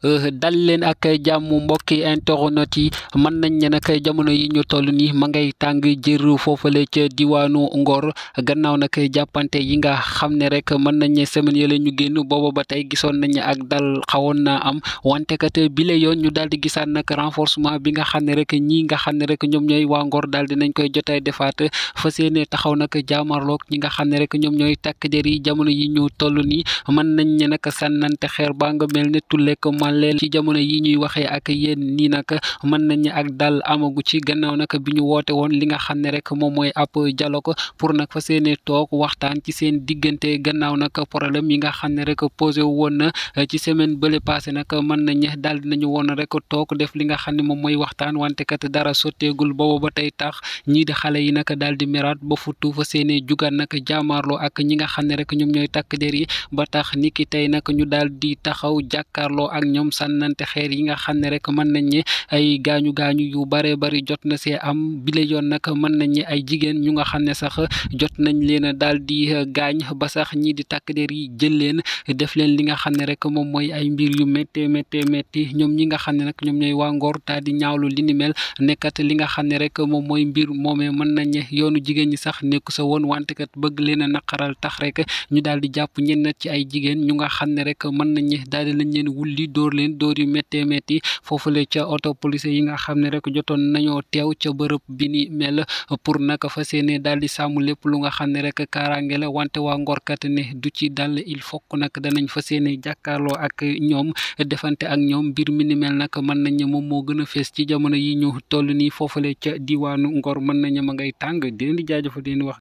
Euh, dal leen ak jàmm mbokki internet yi man nañ ne nag jamono yi ñu toll nii ma ngay tàng jër foofale ca diwaanu Ngor gannaaw nag jàppante yi nga xam ne rek mën nañ ne semaine yële ñu génn booba ba tey gisoon nañ ak dal xawoon naa am wante kat bile yoon ñu daal di gisaat nag renforcement bi nga xam ne rek ñii nga xam ne ñoom ñooy waa Ngor daal dinañ koy jotay defaat fas yéene taxaw nag jaamarloog ñi nga xam ne rek ñoom ñooy takk der yi jamono yi ñu toll nii sànnante xeer baa nga mel ne tulleek ma xamal leen ci jamono yi ñuy waxee ak yéen nii nag mën nañ ak dal amagu ci gannaaw nag bi ñu woote woon li nga xam ne rek moom mooy ab ko pour nag fa seene toog waxtaan ci seen diggante gannaaw nag problème yi nga xam ne rek posé woon na ci semaine bële passé nag mën nañ daal dinañu woon rek toog def li nga xam ne moom mooy waxtaan wante kat dara sotteegul boobu ba tey tax ñii di xale yi nag daal di miraat ba futtu fa seene jugaat nag jaamaarloo ak ñi nga xam ne rek ñoom ñooy takk der yi ñoom sànnante xeer yi nga xam ne rek mën nañ ñi ay gaañu gaañu yu bare bari jot na see am bile yoon nag mën nañ ñi ay jigéen ñu nga xam ne sax jot nañ leen a daal di eh, gaañ ba sax ñii di takk yi jël leen def leen li nga xam ne rek moom mooy ay mbir yu méttee méttee métti ñoom ñi nga xam ne nag ñoom ñooy waa Ngor daal di ñaawlu li ni mel nekkat li nga xam ne rek moom mooy mbir moomee mën nañ ñe yoonu jigéen ñi sax nekku sa woon wante kat bëgg leen naqaral tax rek ñu daal di jàpp ñenn ci ay jigéen ñu nga xam ne rek mën nañ ñe daal lañ leen wulli door dóor leen dóor yu méttee métti foofule ca oto police yi nga xam ne rekk jotoon nañoo teew ca bërëb bi ni mel pour naka fa seene daal di sàmm lépp lu nga xam ne rek kaaraange la wante waa ngorkat ne du ci dal il faut nag danañ fa seene jàkkaarloo ak ñoom defante ak ñoom mbir mi ni mel nag mën nañ moom moo gën a fees ci jamono yi ñu toll nii foofule ca diwaanu ngor mën nañ ma ngay tàng di leen di jaajëfal wax